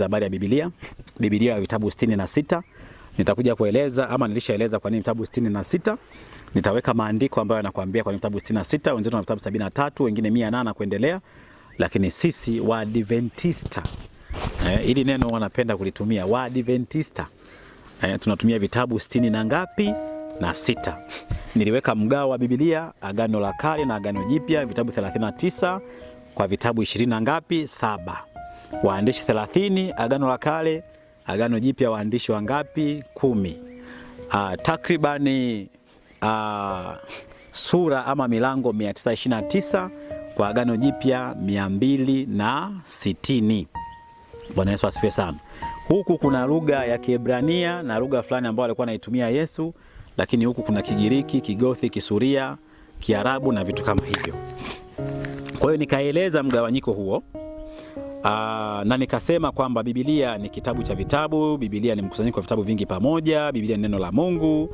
kujifunza habari ya Biblia, Biblia ya vitabu 66. na Nitakuja kueleza ama nilishaeleza kwa nini vitabu 66. na Nitaweka maandiko ambayo yanakuambia kwa nini vitabu 66, na sita, wenzetu na vitabu 73, wengine 108 na kuendelea, lakini sisi wa Adventista. eh, hili neno wanapenda kulitumia wa Adventista. eh, tunatumia vitabu 60 na ngapi na sita. Niliweka mgao wa Biblia, Agano la Kale na Agano Jipya, vitabu 39 kwa vitabu 20 na ngapi? Saba waandishi 30 Agano la Kale, Agano Jipya waandishi wangapi? Kumi. Uh, ah, takribani uh, ah, sura ama milango 929 kwa Agano Jipya 260. Bwana Yesu asifiwe sana. Huku kuna lugha ya Kiebrania na lugha fulani ambayo alikuwa anaitumia Yesu, lakini huku kuna Kigiriki, Kigothi, Kisuria, Kiarabu na vitu kama hivyo. Kwa hiyo nikaeleza mgawanyiko huo. Aa, ah, na nikasema kwamba Biblia ni kitabu cha vitabu, Biblia ni mkusanyiko wa vitabu vingi pamoja, Biblia ni neno la Mungu,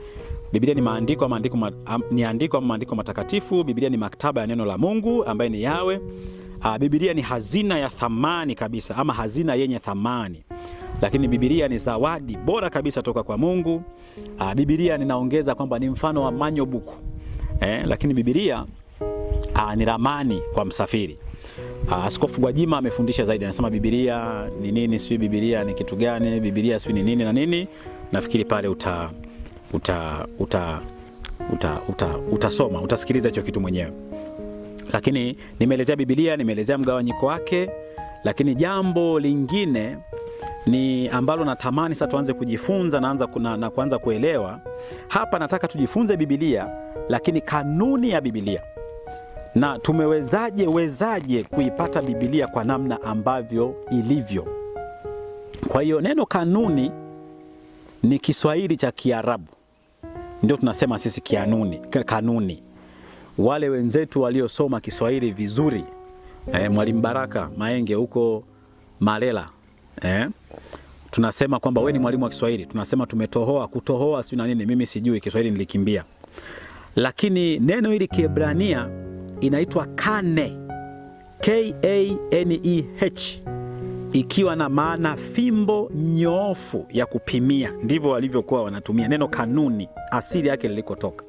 Biblia ni maandiko ama maandiko ma, ni andiko ama maandiko matakatifu, Biblia ni maktaba ya neno la Mungu ambaye ni yawe. Aa, ah, Biblia ni hazina ya thamani kabisa ama hazina yenye thamani. Lakini Biblia ni zawadi bora kabisa toka kwa Mungu. Aa, ah, Biblia ninaongeza kwamba ni mfano wa manyo buku. Eh, lakini Biblia ni ramani kwa msafiri. Ah, Askofu Gwajima amefundisha zaidi, anasema Biblia ni nini, sijui Biblia ni kitu gani, Biblia sijui ni nini na nini. Nafikiri pale uta uta uta uta utasoma utasikiliza hicho kitu mwenyewe, lakini nimeelezea Biblia, nimeelezea mgawanyiko wake, lakini jambo lingine ni ambalo natamani sasa tuanze kujifunza naanza kuna, na kuanza kuelewa hapa. Nataka tujifunze Biblia, lakini kanuni ya Biblia na tumewezaje wezaje kuipata Biblia kwa namna ambavyo ilivyo. Kwa hiyo neno kanuni ni Kiswahili cha Kiarabu, ndio tunasema sisi kianuni, kanuni. Wale wenzetu waliosoma Kiswahili vizuri eh, Mwalimu Baraka Maenge huko Malela eh, tunasema kwamba we ni mwalimu wa Kiswahili, tunasema tumetohoa, kutohoa si na nini, mimi sijui Kiswahili nilikimbia. Lakini neno hili Kiebrania inaitwa Kane, K A N E H, ikiwa na maana fimbo nyoofu ya kupimia. Ndivyo walivyokuwa wanatumia neno kanuni, asili yake lilikotoka.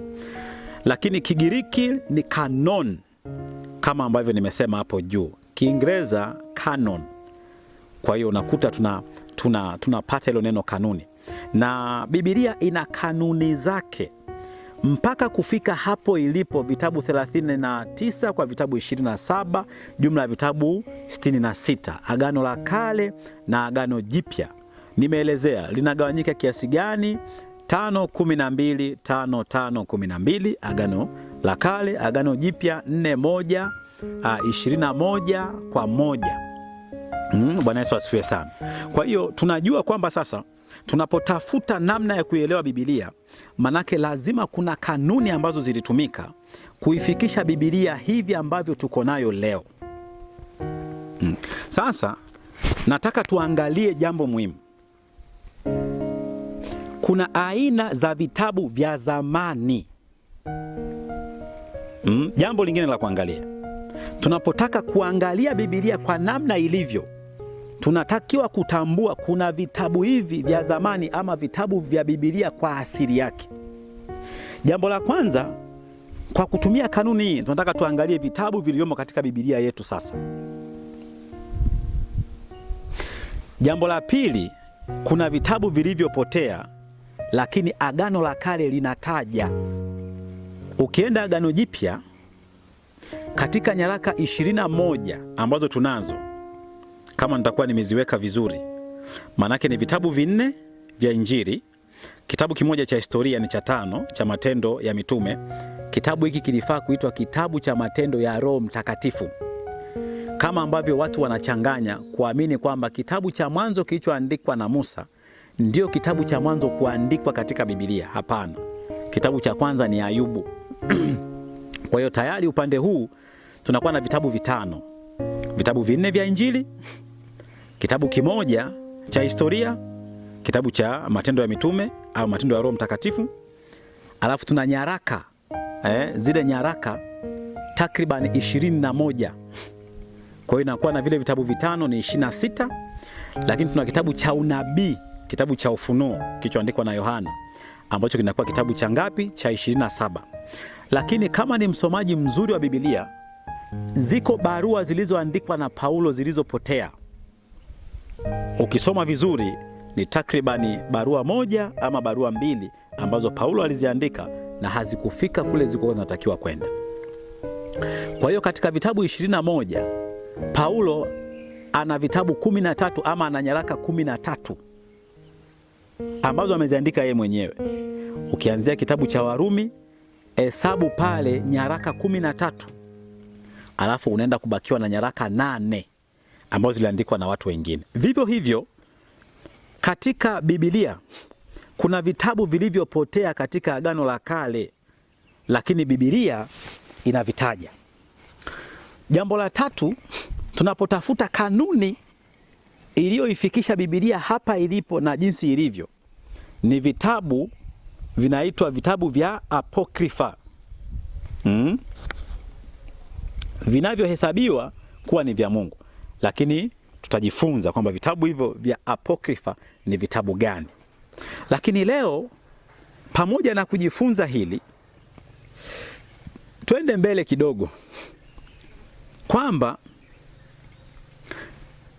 Lakini Kigiriki ni kanon, kama ambavyo nimesema hapo juu, Kiingereza kanon. Kwa hiyo unakuta tuna tunapata tuna hilo neno kanuni, na Biblia ina kanuni zake mpaka kufika hapo ilipo vitabu 39 kwa vitabu 27, jumla ya vitabu 66, Agano la Kale na Agano Jipya. Nimeelezea linagawanyika kiasi gani: 5 12 5 12, Agano la Kale, Agano Jipya 4 1 21 kwa moja. Hmm, Bwana Yesu asifiwe sana. Kwa hiyo tunajua kwamba sasa Tunapotafuta namna ya kuielewa Biblia, manake lazima kuna kanuni ambazo zilitumika kuifikisha Biblia hivi ambavyo tuko nayo leo. Hmm. Sasa nataka tuangalie jambo muhimu. Kuna aina za vitabu vya zamani. Hmm. Jambo lingine la kuangalia tunapotaka kuangalia Biblia kwa namna ilivyo tunatakiwa kutambua kuna vitabu hivi vya zamani ama vitabu vya Biblia kwa asili yake. Jambo la kwanza, kwa kutumia kanuni hii, tunataka tuangalie vitabu vilivyomo katika Biblia yetu sasa. Jambo la pili, kuna vitabu vilivyopotea, lakini Agano la Kale linataja. Ukienda Agano Jipya katika nyaraka 21 ambazo tunazo kama nitakuwa nimeziweka vizuri. Maanake ni vitabu vinne vya Injili, kitabu kimoja cha historia ni cha tano cha Matendo ya Mitume. Kitabu hiki kilifaa kuitwa kitabu cha Matendo ya Roho Mtakatifu, kama ambavyo watu wanachanganya kuamini kwamba kitabu cha Mwanzo kilichoandikwa na Musa ndio kitabu cha mwanzo kuandikwa katika Biblia. Hapana, kitabu cha kwanza ni Ayubu. Kwa hiyo tayari upande huu tunakuwa na vitabu vitano, vitabu vinne vya Injili kitabu kimoja cha historia, kitabu cha matendo ya mitume au matendo ya Roho Mtakatifu, alafu tuna nyaraka eh, zile nyaraka takriban ishirini na moja. Kwa hiyo inakuwa na vile vitabu vitano ni ishirini na sita, lakini tuna kitabu cha unabii, kitabu cha Ufunuo kilichoandikwa na Yohana ambacho kinakuwa kitabu cha ngapi? Cha 27. Lakini kama ni msomaji mzuri wa Biblia, ziko barua zilizoandikwa na Paulo zilizopotea Ukisoma vizuri ni takribani barua moja ama barua mbili ambazo Paulo aliziandika na hazikufika kule zilikuwa zinatakiwa kwenda. Kwa hiyo katika vitabu 21 Paulo ana vitabu kumi na tatu ama ana nyaraka kumi na tatu ambazo ameziandika yeye mwenyewe. Ukianzia kitabu cha Warumi, hesabu pale nyaraka kumi na tatu alafu unaenda kubakiwa na nyaraka nane ambazo ziliandikwa na watu wengine. Vivyo hivyo katika Biblia kuna vitabu vilivyopotea katika Agano la Kale, lakini Biblia inavitaja. Jambo la tatu, tunapotafuta kanuni iliyoifikisha Biblia hapa ilipo na jinsi ilivyo, ni vitabu vinaitwa vitabu vya apokrifa mm, vinavyohesabiwa kuwa ni vya Mungu lakini tutajifunza kwamba vitabu hivyo vya apokrifa ni vitabu gani. Lakini leo pamoja na kujifunza hili, twende mbele kidogo, kwamba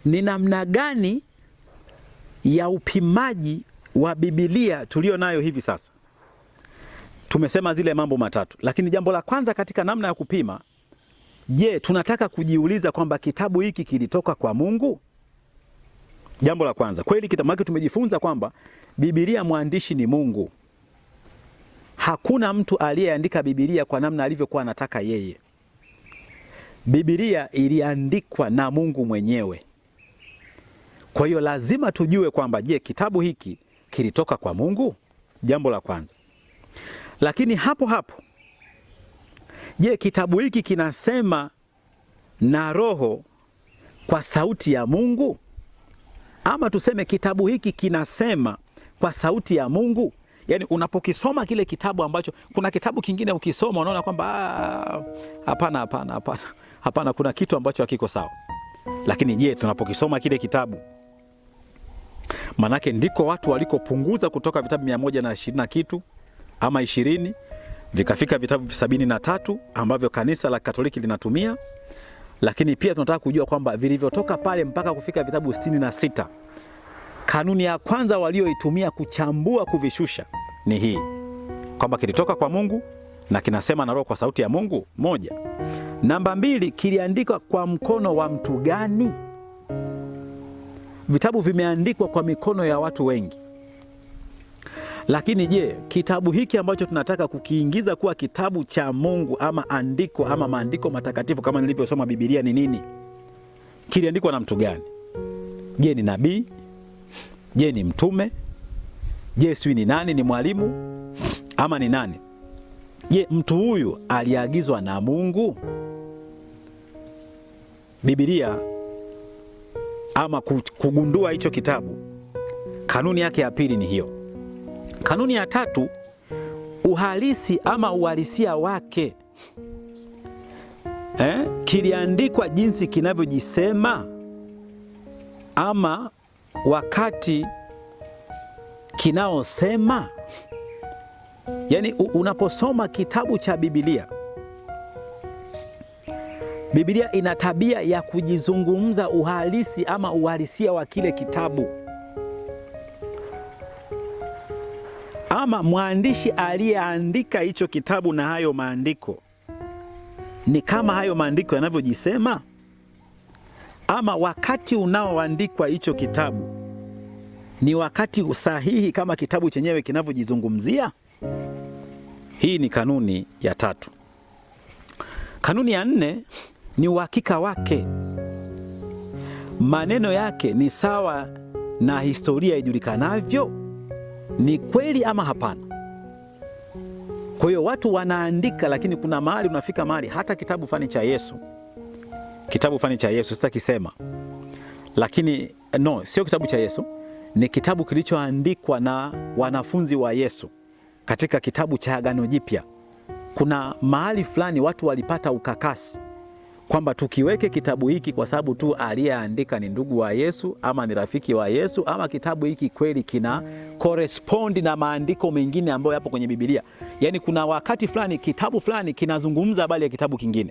ni namna gani ya upimaji wa Biblia tulio nayo hivi sasa. Tumesema zile mambo matatu, lakini jambo la kwanza katika namna ya kupima Je, tunataka kujiuliza kwamba kitabu hiki kilitoka kwa Mungu? Jambo la kwanza, kweli kitabu hiki tumejifunza kwamba Biblia mwandishi ni Mungu. Hakuna mtu aliyeandika Biblia kwa namna alivyokuwa anataka yeye. Biblia iliandikwa na Mungu mwenyewe. Kwa hiyo lazima tujue kwamba je, kitabu hiki kilitoka kwa Mungu? Jambo la kwanza. Lakini hapo hapo Je, kitabu hiki kinasema na roho kwa sauti ya Mungu ama tuseme kitabu hiki kinasema kwa sauti ya Mungu? Yaani unapokisoma kile kitabu ambacho kuna kitabu kingine ukisoma unaona kwamba ah, hapana, hapana, hapana, hapana, kuna kitu ambacho hakiko sawa. Lakini je, tunapokisoma kile kitabu manake ndiko watu walikopunguza kutoka vitabu mia moja na ishirini na kitu ama ishirini vikafika vitabu sabini na tatu ambavyo kanisa la Katoliki linatumia, lakini pia tunataka kujua kwamba vilivyotoka pale mpaka kufika vitabu sitini na sita kanuni ya kwanza walioitumia kuchambua kuvishusha ni hii kwamba kilitoka kwa Mungu na kinasema na Roho kwa sauti ya Mungu moja. Namba mbili, kiliandikwa kwa mkono wa mtu gani? Vitabu vimeandikwa kwa mikono ya watu wengi lakini je, kitabu hiki ambacho tunataka kukiingiza kuwa kitabu cha Mungu ama andiko ama maandiko matakatifu kama nilivyosoma Biblia ni nini? Kiliandikwa na mtu gani? Je, ni nabii? Je, ni mtume? Je, sijui ni nani? Ni mwalimu ama ni nani? Je, mtu huyu aliagizwa na Mungu? Biblia ama kugundua hicho kitabu, kanuni yake ya pili ni hiyo. Kanuni ya tatu, uhalisi ama uhalisia wake eh, kiliandikwa jinsi kinavyojisema ama wakati kinaosema. Yaani, unaposoma kitabu cha Biblia, Biblia ina tabia ya kujizungumza uhalisi ama uhalisia wa kile kitabu. kama mwandishi aliyeandika hicho kitabu na hayo maandiko ni kama hayo maandiko yanavyojisema, ama wakati unaoandikwa hicho kitabu ni wakati sahihi kama kitabu chenyewe kinavyojizungumzia. Hii ni kanuni ya tatu. Kanuni ya nne ni uhakika wake. Maneno yake ni sawa na historia ijulikanavyo ni kweli ama hapana. Kwa hiyo watu wanaandika, lakini kuna mahali unafika mahali, hata kitabu fani cha Yesu, kitabu fani cha Yesu sitakisema, lakini no, sio kitabu cha Yesu, ni kitabu kilichoandikwa na wanafunzi wa Yesu katika kitabu cha Agano Jipya. Kuna mahali fulani watu walipata ukakasi kwamba tukiweke kitabu hiki kwa sababu tu aliyeandika ni ndugu wa Yesu ama ni rafiki wa Yesu ama kitabu hiki kweli kina correspond na maandiko mengine ambayo yapo kwenye Biblia. Yaani kuna wakati fulani kitabu fulani kinazungumza habari ya kitabu kingine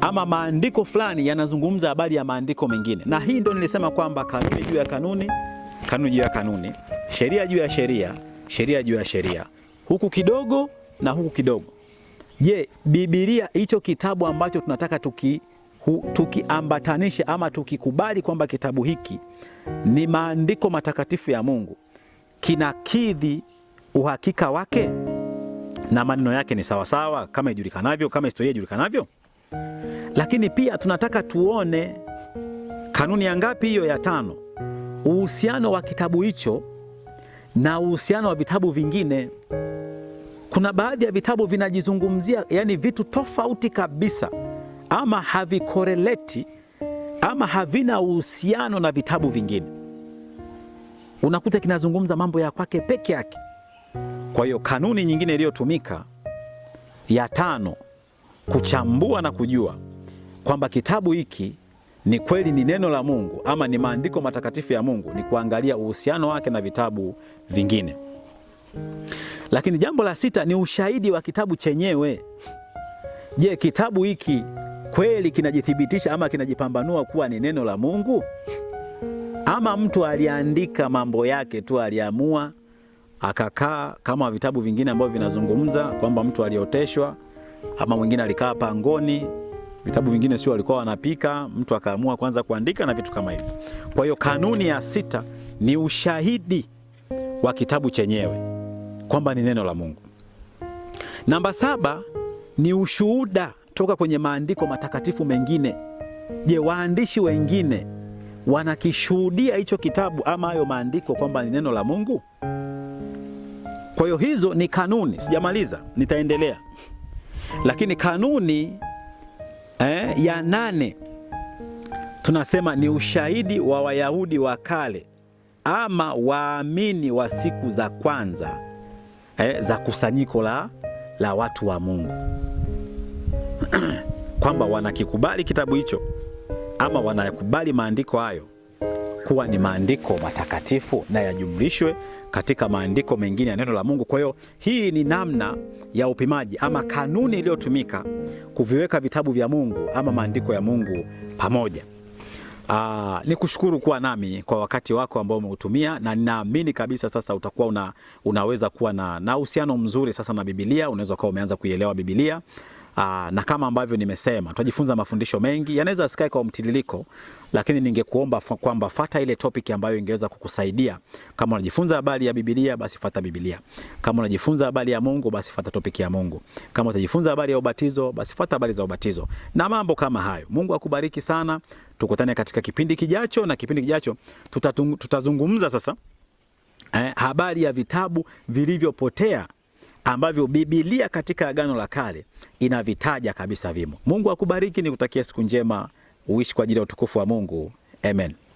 ama maandiko fulani yanazungumza habari ya maandiko mengine, na hii ndio nilisema kwamba kanuni juu ya kanuni, kanuni juu ya kanuni, sheria juu ya sheria, sheria juu ya sheria, huku kidogo na huku kidogo. Je, Biblia hicho kitabu ambacho tunataka tuki tukiambatanishe ama tukikubali kwamba kitabu hiki ni maandiko matakatifu ya Mungu, kinakidhi uhakika wake na maneno yake ni sawasawa kama ijulikanavyo, kama historia ijulikanavyo. Lakini pia tunataka tuone kanuni ya ngapi hiyo? Ya tano, uhusiano wa kitabu hicho na uhusiano wa vitabu vingine kuna baadhi ya vitabu vinajizungumzia yani vitu tofauti kabisa, ama havikoreleti ama havina uhusiano na vitabu vingine. Unakuta kinazungumza mambo ya kwake peke yake. Kwa hiyo kanuni nyingine iliyotumika ya tano, kuchambua na kujua kwamba kitabu hiki ni kweli ni neno la Mungu ama ni maandiko matakatifu ya Mungu, ni kuangalia uhusiano wake na vitabu vingine. Lakini jambo la sita ni ushahidi wa kitabu chenyewe. Je, kitabu hiki kweli kinajithibitisha ama kinajipambanua kuwa ni neno la Mungu, ama mtu aliandika mambo yake tu, aliamua akakaa, kama vitabu vingine ambavyo vinazungumza kwamba mtu alioteshwa ama mwingine alikaa pangoni, vitabu vingine sio, walikuwa wanapika, mtu akaamua kwanza kuandika na vitu kama hivyo. Kwa hiyo kanuni ya sita ni ushahidi wa kitabu chenyewe kwamba ni neno la Mungu. Namba saba ni ushuhuda toka kwenye maandiko matakatifu mengine. Je, waandishi wengine wanakishuhudia hicho kitabu ama hayo maandiko kwamba ni neno la Mungu? Kwa hiyo hizo ni kanuni, sijamaliza, nitaendelea. Lakini kanuni eh, ya nane tunasema ni ushahidi wa Wayahudi wa kale ama waamini wa siku za kwanza eh, za kusanyiko la, la watu wa Mungu kwamba wanakikubali kitabu hicho ama wanakubali maandiko hayo kuwa ni maandiko matakatifu na yajumlishwe katika maandiko mengine ya neno la Mungu. Kwa hiyo hii ni namna ya upimaji ama kanuni iliyotumika kuviweka vitabu vya Mungu ama maandiko ya Mungu pamoja. Aa, ah, ni kushukuru kuwa nami kwa wakati wako ambao umeutumia na ninaamini kabisa sasa utakuwa una, unaweza kuwa na na uhusiano mzuri sasa na Biblia, unaweza kuwa umeanza kuielewa Biblia. Aa, ah, na kama ambavyo nimesema tutajifunza mafundisho mengi, yanaweza asikae kwa mtiririko, lakini ningekuomba kwamba fata ile topic ambayo ingeweza kukusaidia. Kama unajifunza habari ya Biblia, basi fata Biblia. Kama unajifunza habari ya Mungu, basi fata topic ya Mungu. Kama utajifunza habari ya ubatizo, basi fata habari za ubatizo na mambo kama hayo. Mungu akubariki sana tukutane katika kipindi kijacho, na kipindi kijacho tutazungumza sasa eh, habari ya vitabu vilivyopotea ambavyo Biblia katika Agano la Kale inavitaja kabisa vimo. Mungu akubariki, nikutakia siku njema, uishi kwa ajili ya utukufu wa Mungu. Amen.